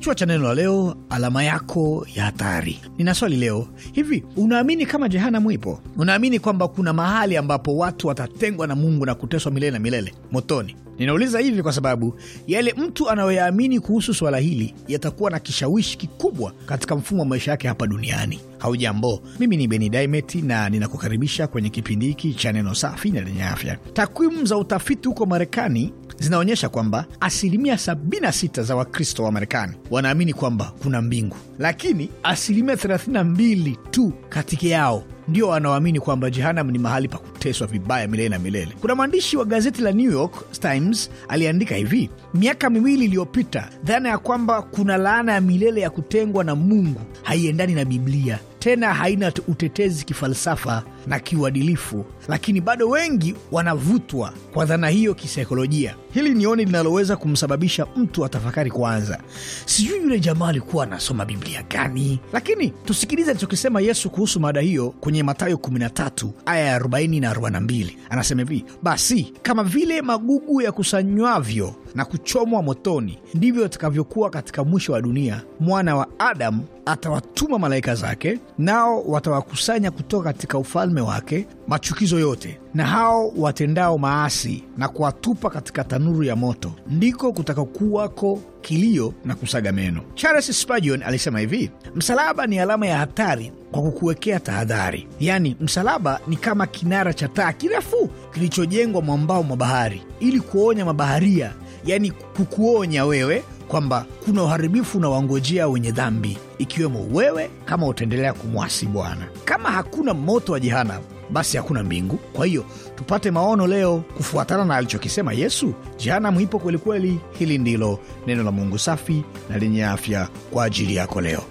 Kichwa cha neno la leo, alama yako ya hatari. Nina swali leo, hivi unaamini kama jehanamu ipo? Unaamini kwamba kuna mahali ambapo watu watatengwa na Mungu na kuteswa milele na milele motoni? Ninauliza hivi kwa sababu yale mtu anayoyaamini kuhusu swala hili yatakuwa na kishawishi kikubwa katika mfumo wa maisha yake hapa duniani. Haujambo, mimi ni Beni Daimeti na ninakukaribisha kwenye kipindi hiki cha neno safi na lenye afya. Takwimu za utafiti huko Marekani zinaonyesha kwamba asilimia 76 za Wakristo wa Marekani wanaamini kwamba kuna mbingu, lakini asilimia 32 tu kati yao ndio wanaoamini kwamba jehanam ni mahali pa kuteswa vibaya milele na milele. Kuna mwandishi wa gazeti la New York Times aliandika hivi miaka miwili iliyopita, dhana ya kwamba kuna laana ya milele ya kutengwa na Mungu haiendani na Biblia tena haina utetezi kifalsafa na kiuadilifu, lakini bado wengi wanavutwa kwa dhana hiyo kisaikolojia. Hili ni oni linaloweza kumsababisha mtu atafakari kwanza, sijui yule jamaa alikuwa anasoma Biblia gani? Lakini tusikilize alichokisema Yesu kuhusu mada hiyo kwenye Mathayo 13 aya ya 40 na 42. Anasema hivi: basi kama vile magugu ya kusanywavyo na kuchomwa motoni, ndivyo itakavyokuwa katika mwisho wa dunia. Mwana wa Adamu atawatuma malaika zake, nao watawakusanya kutoka katika ufalme wake machukizo yote na hao watendao maasi na kuwatupa katika tanuru ya moto, ndiko kutakakuwako kilio na kusaga meno. Charles Spurgeon alisema hivi, msalaba ni alama ya hatari kwa kukuwekea tahadhari. Yaani, msalaba ni kama kinara cha taa kirefu kilichojengwa mwambao mwa bahari ili kuonya mabaharia yani kukuonya wewe kwamba kuna uharibifu na wangojea wenye dhambi, ikiwemo wewe, kama utaendelea kumwasi Bwana. Kama hakuna moto wa jehanamu, basi hakuna mbingu. Kwa hiyo tupate maono leo kufuatana na alichokisema Yesu. Jehanamu ipo kwelikweli. Hili ndilo neno la Mungu safi na lenye afya kwa ajili yako leo.